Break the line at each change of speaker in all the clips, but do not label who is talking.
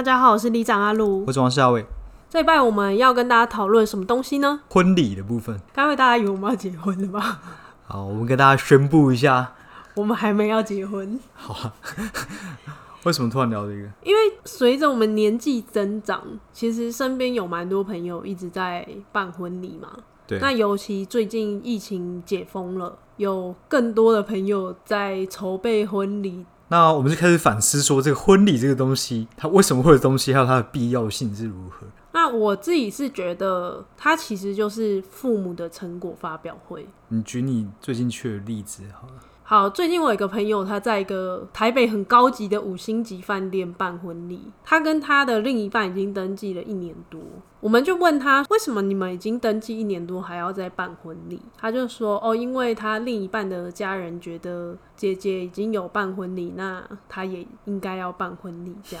大家好，我是里長阿路，我是王夏薇。這一拜我們要跟大家討論什麼東西呢？
婚禮的部分。
剛才大家以為我們要結婚了
吧？好，我們跟大家宣布一下，
我們還沒要結婚。
好、啊， 為什麼突然聊這個？
因為隨着我們年紀增長，其實身邊有蠻多朋友一直在辦婚禮嘛。對。那尤其最近疫情解封了，有更多的朋友在籌備婚禮。
那我們就開始反思，說這個婚禮這個東西，它為什麼會有東西，還有它的必要性是如何？
那我自己是覺得，它其實就是父母的成果發表會。
你舉你最近去的例子好了。
好，最近我有一個朋友，他在一個台北很高級的五星級飯店辦婚禮。他跟他的另一半已經登記了一年多，我們就問他為什麼你們已經登記一年多還要再辦婚禮？他就說哦，因為他另一半的家人覺得姐姐已經有辦婚禮，那他也應該要辦婚禮。這樣，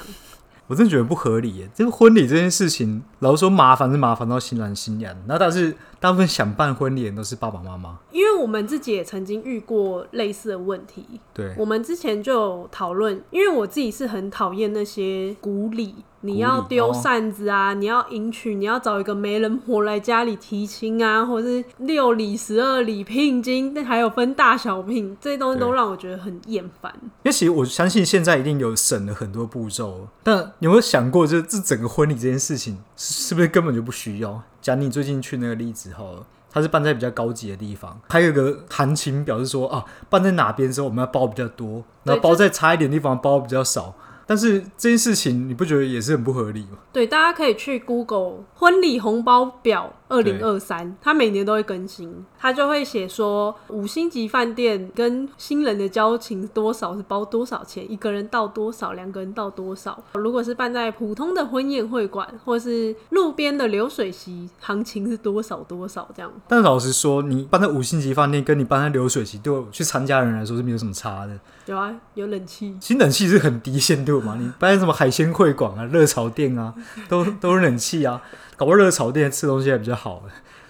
我真的覺得不合理耶。這個婚禮這件事情，老實說麻煩是麻煩到心亂心癢，那但是。大部分想辦婚禮的人都是爸爸媽媽，
因為我們自己也曾經遇過類似的問題。對，我們之前就有討論，因為我自己是很討厭那些古禮，你要丟扇子啊、哦，你要迎娶，你要找一個媒人婆來家裡提親啊，或者是六禮、十二禮、聘金，還有分大小聘，這些東西都讓我覺得很厭煩。
因為其實我相信現在一定有省了很多步驟，但你有沒有想過，就這整個婚禮這件事情，是不是根本就不需要？ 講你最近去那個例子哈，他是辦在比較高級的地方，還有一個行情表示說啊，辦在哪邊的時候我們要包比較多，然後包在差一點的地方包比較少，但是這件事情你不覺得也是很不合理
嗎？對，大家可以去 Google 婚禮紅包表。二零二三，2023，他每年都會更新，他就會寫說五星級飯店跟新人的交情多少是包多少錢，一個人到多少，兩個人到多少。如果是辦在普通的婚宴會館，或是路邊的流水席，行情是多少多少這樣。
但老實說，你辦在五星級飯店，跟你辦在流水席，對我去參加人來說是沒有什麼差的。
有啊，有冷氣，
其實冷氣是很低限度嘛。你辦什麼海鮮會館啊、熱炒店啊，都都是冷氣啊。 搞不好熱炒店吃東西還比較好，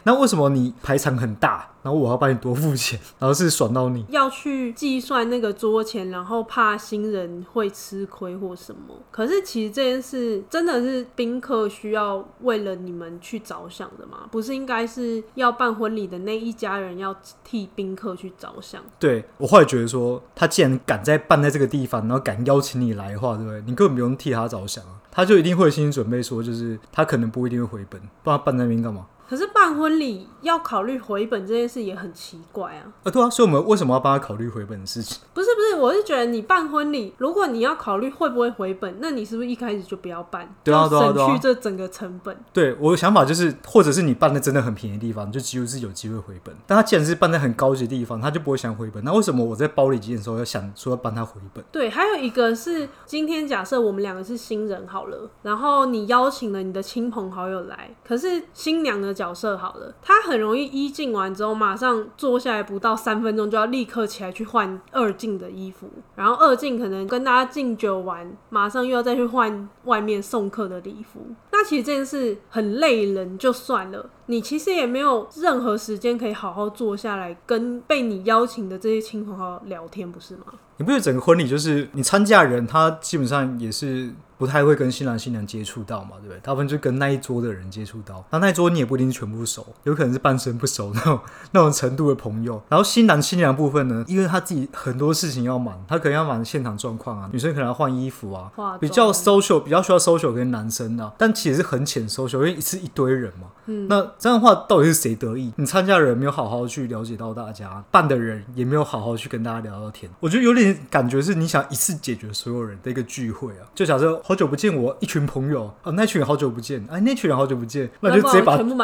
那為什麼你排場很大，然後我要幫你多付錢，然後是爽到你，
要去計算那個桌錢，然後怕新人會吃虧或什麼？可是其實這件事真的是賓客需要為了你們去着想的嗎？不是應該是要辦婚禮的那一家人要替賓客去着想。
對，我後來覺得說，他既然敢在辦在這個地方，然後敢邀請你來的話，對不對？你根本不用替他着想啊。他就一定會有心理準備，說就是他可能不一定會回本，不然他辦在那邊幹嘛？
可是辦婚禮要考慮回本這件事也很奇怪啊！
啊，對啊，所以我們為什麼要幫他考慮回本的事情？
不是不是，我是覺得你辦婚禮，如果你要考慮會不會回本，那你是不是一開始就不要辦，就，啊啊、省去這整個成本對，啊
對啊對啊。對，我的想法就是，或者是你辦的真的很便宜的地方，就幾乎是有機會回本。但他既然是辦在很高級的地方，他就不會想回本。那為什麼我在包禮金的時候要想說要幫他回本？
對，還有一個是今天假設我們兩個是新人好了，然後你邀請了你的親朋好友來，可是新娘呢？角色好了，他很容易一進完之後，馬上坐下來不到三分鐘就要立刻起來去換二進的衣服，然後二進可能跟大家敬酒完，馬上又要再去換外面送客的禮服。那其實這件事很累人，就算了。你其實也沒有任何時間可以好好坐下來跟被你邀請的這些親朋好友聊天，不是嗎？
你不覺得整個婚禮就是你參加的人，他基本上也是不太會跟新郎新娘接觸到嘛，對不對？大部分就跟那一桌的人接觸到，那那一桌你也不一定是全部熟，有可能是半生不熟那種那種程度的朋友。然後新郎新娘部分呢，因為他自己很多事情要忙，他可能要忙現場狀況啊，女生可能要換衣服啊，比較 social，比較需要 social 跟男生啊，但其實是很淺 social，因為是一堆人嘛，嗯、那。這樣的話，到底是誰得意？你參加的人沒有好好去了解到大家，辦的人也沒有好好去跟大家聊聊天。我覺得有點感覺是你想一次解決所有人的一個聚會啊，就假設好久不見我，我一群朋友啊，那群好久不見，哎、啊，那群好久不見，那就直接把我全部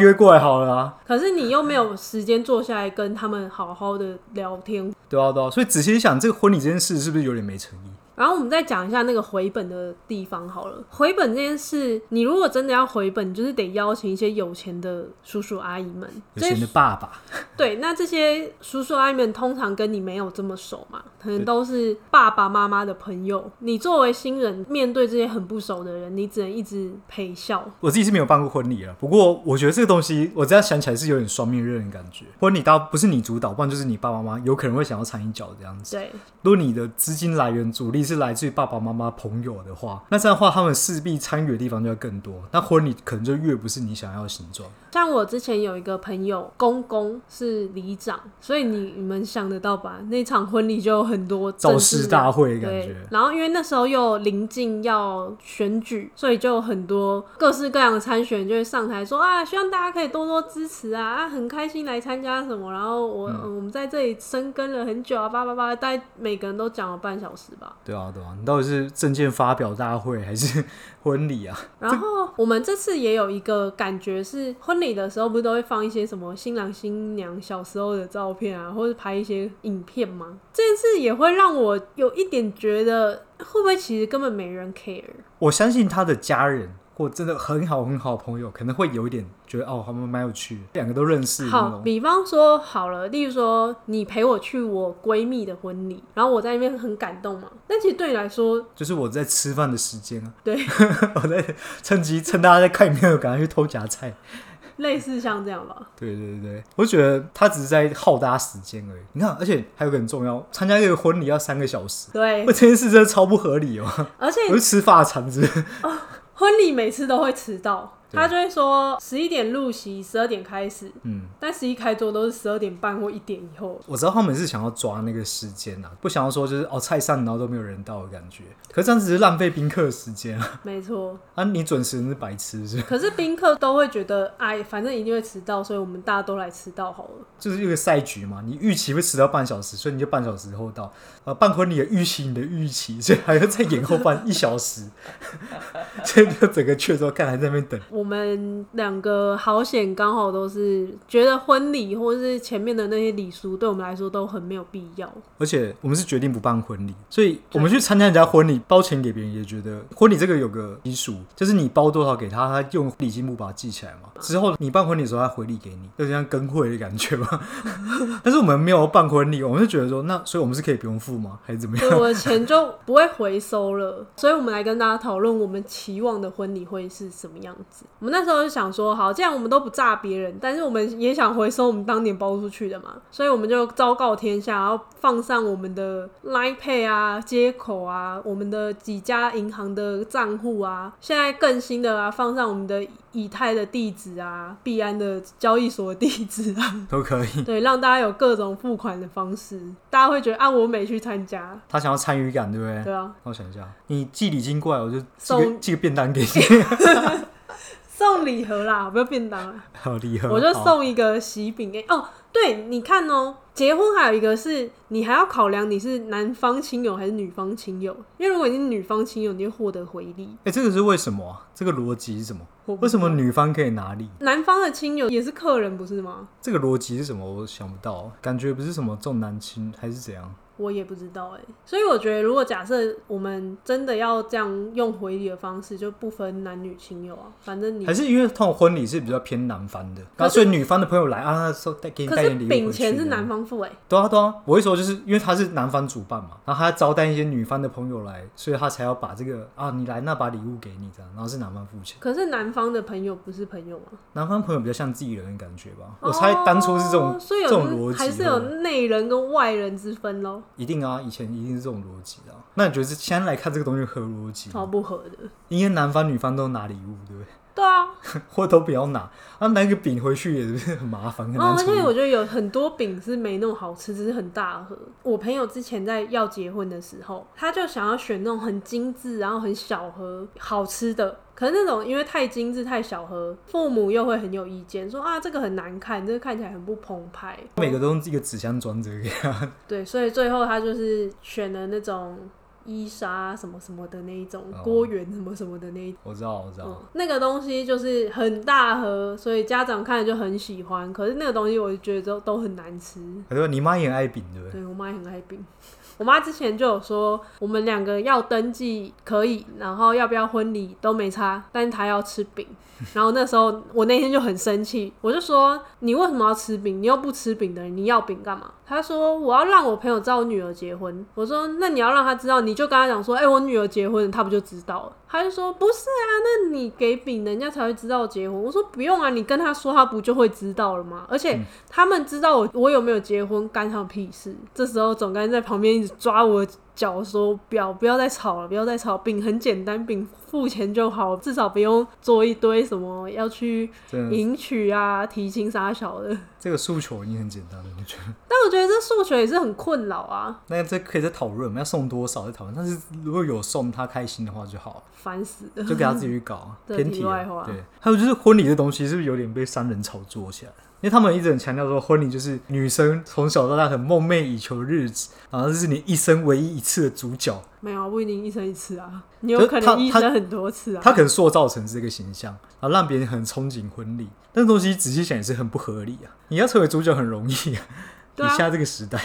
約過來好了。
啊。可是你又沒有時間坐下來跟他們好好的聊天，
對啊對啊。所以仔細想，這個婚禮這件事是不是有點沒誠意？
然後我們再講一下那個回本的地方好了。回本這件事，你如果真的要回本，你就是得邀請一些有錢的叔叔阿姨們，有錢的爸爸。對，那這些叔叔阿姨們通常跟你沒有這麼熟嘛，可能都是爸爸媽媽的朋友。你作為新人，面對這些很不熟的人，你只能一直陪笑。
我自己是沒有辦過婚禮了，不過我覺得這個東西，我這樣想起來是有點雙面刃的感覺。或者你倒不是你主導，不然就是你爸爸媽媽有可能會想要摻一腳這樣子。對。如果你的資金來源主力是來自於爸爸媽媽朋友的話，那這樣的話，他們勢必參與的地方就要更多，那婚禮可能就越不是你想要的形狀。
像我之前有一個朋友，公公是里長，所以你你們想得到吧？那場婚禮就有很多正式、啊、招式大會的感覺，然後因為那時候又臨近要選舉，所以就很多各式各樣的參選就會上台說啊，希望大家可以多多支持啊啊，很開心來參加什麼。然後我、嗯、我們在這裡生根了很久啊，叭叭叭，大概每個人都講了半小時吧。
對啊，對啊，你到底是政見發表大會還是？ 婚禮啊，
然後我們這次也有一個感覺是，婚禮的時候不是都會放一些什麼新郎新娘小時候的照片啊，或者拍一些影片嗎？這次也會讓我有一點覺得，會不會其實根本沒人 care？
我相信他的家人。我真的很好很好朋友，可能會有一點覺得哦，他們蠻有趣的，兩個都認識。好，比
方說好了，例如說你陪我去我閨蜜的婚禮，然後我在那邊很感動嘛。但其實對你來說，
就是我在吃飯的時間啊。
對，呵
呵，我在趁機趁大家在看影片，我趕快去偷夾菜，
類似像這樣吧。
對對對對，我覺得他只是在耗大家時間而已。你看，而且還有個很重要，參加一個婚禮要三個小時，對，這件事真的超不合理哦。而且我就吃是吃發腸子。哦
婚禮每次都會遲到。他就會說十一點入席，十二點開始。嗯，但十一開桌都是十二點半或一點以後。
我知道他們是想要抓那個時間啊，不想要說就是哦菜上然後都沒有人到的感覺。可是這樣只是浪費賓客時間
啊。沒錯。
啊，你準時是白痴是？可
是賓客都會覺得哎、啊，反正一定會遲到，所以我們大家都來遲到好了。
就是一個賽局嘛，你預期會遲到半小時，所以你就半小時後到。啊，辦婚禮也預期你的預期，所以還要再延後半一小時。 所以就整個卻說，看還在那邊等。
我們兩個好險，剛好都是覺得婚禮或者是前面的那些禮俗，對我們來說都很沒有必要。
而且我們是決定不辦婚禮，所以我們去參加人家婚禮，包錢給別人，也覺得婚禮這個有個習俗，就是你包多少給他，他用禮金簿把它記起來嘛。之後你辦婚禮的時候，他回禮給你，就像跟會的感覺嘛。 但是我們沒有辦婚禮，我們就覺得說，那所以我們是可以不用付嗎？還是怎麼樣？對，我的
錢就不會回收了。所以我們來跟大家討論，我們期望的婚禮會是什麼樣子？我們那時候就想說，好，既然我們都不炸別人，但是我們也想回收我們當年包出去的嘛，所以我們就昭告天下，然後放上我們的 Line Pay 啊、街口啊、我們的幾家銀行的賬戶啊，現在更新的啊，放上我們的以太的地址啊、幣安的交易所的地址啊，
都可以，對，
讓大家有各種付款的方式，大家會覺得按、啊、我沒去參加，
他想要參與感，對不對？對啊，我想一下，你寄禮金過來，我就送寄，so... 寄個便當給你。
送禮盒啦，不要便當啦！
禮 盒，我就送
一個喜餅哎。哦、喔，對，你看哦、喔，結婚還有一個是你還要考量你是男方親友還是女方親友，因為如果你是女方親友，你會獲得回禮。
哎、欸，這個是為什麼、啊？這個邏輯是什麼？為什麼女方可以拿禮？
男方的親友也是客人不是嗎？這
個邏輯是什麼？我想不到、啊，感覺不是什麼重男輕女還是怎樣。
我也不知道哎、欸，所以我覺得，如果假設我們真的要這樣用回禮的方式，就不分男女親友啊，反正你還是因為
通常婚禮是比較偏男方的，那所以女方的朋友來啊，說再給你帶點禮物，餅錢是
男方付哎、
欸，對啊對啊，我一說就是因為他是男方主辦嘛，然後他招待一些女方的朋友來，所以他才要把這個啊，你來那把禮物給你這樣，然後是男方付錢。可
是男方的朋友不是朋友嗎？
男方朋友比較像自己人的感覺吧、哦，我猜當初是這種，這種邏輯還是有
內人跟外人之分咯。
一定啊，以前一定是這種邏輯啊。那你覺得先來看這個東西合邏輯？
超不合的。
應該男方女方都拿禮物，對不對？對啊，貨都不要拿，他、啊、拿一個餅回去也是很麻煩，很難吃。啊、oh，因為我
覺得有很多餅是沒那麼好吃，只是很大盒。我朋友之前在要結婚的時候，他就想要選那種很精緻，然後很小盒好吃的。可是那種因為太精緻、太小盒，父母又會很有意見，說啊這個很難看，這個看起來很不澎湃。每個
都用一個紙箱裝這個樣子。
對，所以最後他就是選了那種。伊莎什麼什麼的那一種，郭、oh, 源什麼什麼的那種。
我知道我知
道、嗯，那個東西就是很大盒，所以家長看着就很喜歡。可是那個東西，我就覺得都都很難吃。
可是你媽也很愛餅，對
不對？對，我媽也很愛餅。 我媽之前就有說，我們兩個要登記可以，然後要不要婚禮都沒差，但是她要吃餅。然後那時候我那天就很生氣，我就說，你為什麼要吃餅？你又不吃餅的，你要餅幹嘛？他說：“我要讓我朋友知道我女兒結婚。”我說：“那你要讓他知道，你就跟他講說，哎、欸，我女兒結婚，他不就知道了？”他就說：“不是啊，那你給餅，人家才會知道結婚。”我說：“不用啊，你跟他說，他不就會知道了嗎？而且、嗯、他們知道我我有沒有結婚，干他屁事？這時候總該在旁邊一直抓我。”腳說表不，不要再吵了，不要再吵。聘很簡單，聘付錢就好，至少不用做一堆什麼要去迎娶啊、提親殺小的。
這個訴求已經很簡單了，我覺
得。但我覺得這訴求也是很困擾啊。
那這可以再討論，我們要送多少再討論。但是如果有送他開心的話就好了。
煩死了，就給他自己去
搞。 天、啊、對外化。對，還有就是婚禮的東西是不是有點被商人炒作起來了？因為他們一直強調說，婚禮就是女生從小到大很夢寐以求的日子，啊，然後這是你一生唯一一次的主角。
沒有不一定一生一次啊，你有可能一生很多次啊。啊。他可
能塑造成這個形象，然、啊、讓別人很憧憬婚禮。但東西仔細想也是很不合理啊！你要成為主角很容易啊，啊你現在這個時代，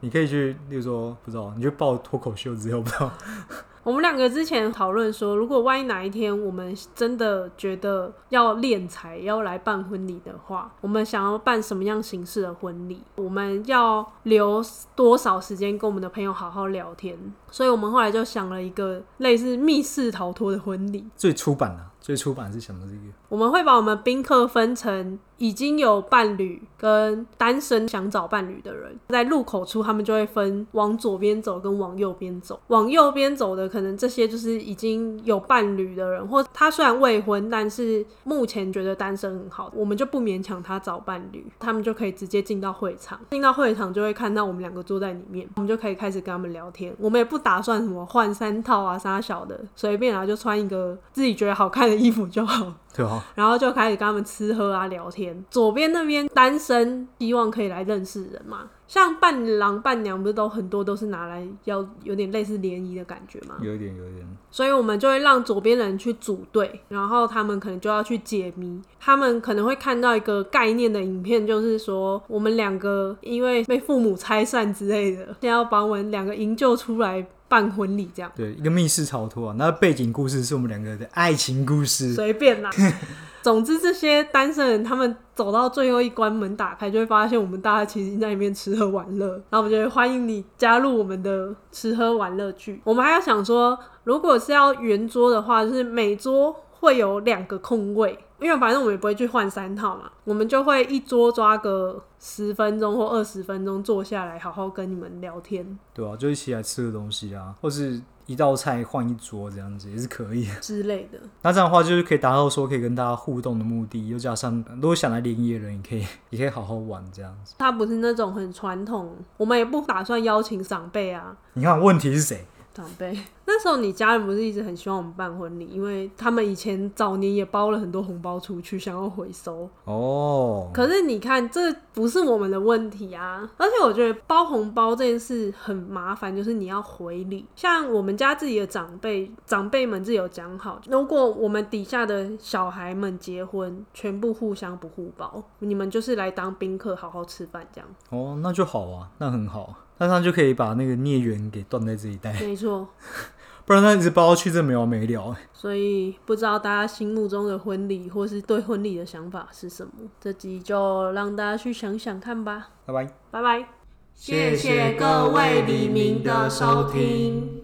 你可以去，例如說不知道，你去報脫口秀，之後不知道。
我們兩個之前討論說，如果萬一哪一天我們真的覺得要斂財、要來辦婚禮的話，我們想要辦什麼樣形式的婚禮？我們要留多少時間跟我們的朋友好好聊天？所以我們後來就想了一個類似密室逃脫的婚禮。
最初版的最初版是什麼？這個
我們會把我們賓客分成已經有伴侶跟單身想找伴侶的人，在入口處他們就會分往左邊走跟往右邊走。往右邊走的可能這些就是已經有伴侶的人，或他雖然未婚，但是目前覺得單身很好，我們就不勉強他找伴侶，他們就可以直接進到會場。進到會場就會看到我們兩個坐在裡面，我們就可以開始跟他們聊天。我們也不打算什麼換三套啊、啥小的，隨便啊，就穿一個自己覺得好看。衣服就好，對哦，然後就開始跟他們吃喝啊、聊天。左邊那邊單身，希望可以來認識人嘛。像伴郎伴娘，不是都很多都是拿來要有點類似聯誼的感覺嘛？有一點，有一點。所以我們就會讓左邊的人去組隊，然後他們可能就要去解謎。他們可能會看到一個概念的影片，就是說我們兩個因為被父母拆散之類的，先要幫我們兩個營救出來。辦婚禮
這樣，對，一個密室逃脫啊，那背景故事是我們兩個的愛情故事。隨
便啦，總之這些單身人他們走到最後一關，門打開，就會發現我們大家其實在裡面吃喝玩樂，然後我們就會歡迎你加入我們的吃喝玩樂劇。我們還要想說，如果是要圓桌的話，就是每桌會有兩個空位。因為反正我們也不會去換三套嘛，我們就會一桌抓個十分鐘或二十分鐘坐下來，好好跟你們聊天。
對啊，就一起來吃個東西啊，或是一道菜換一桌這樣子也是可以、啊、
之類的。
那這樣的話就是可以達到說可以跟大家互動的目的，又加上如果想來聯誼的人，也可以也可以好好玩這樣
子。他不是那種很傳統，我們也不打算邀請長輩啊。
你看問題是誰？
長輩，那時候你家人不是一直很希望我們辦婚禮，因為他們以前早年也包了很多紅包出去，想要回收。哦、oh。可是你看，這不是我們的問題啊！而且我覺得包紅包這件事很麻煩，就是你要回禮。像我們家自己的長輩，長輩們自己有講好，如果我們底下的小孩們結婚，全部互相不互包，你們就是來當賓客，好好吃飯這樣。
哦、oh，那就好啊，那很好。那他就可以把那個孽緣給斷在這一代沒
錯 ，
不然他一直包去這沒完沒了。欸、
所以不知道大家心目中的婚禮，或是對婚禮的想法是什麼？這集就讓大家去想想看吧。拜拜，拜拜，謝謝各位黎明的收聽。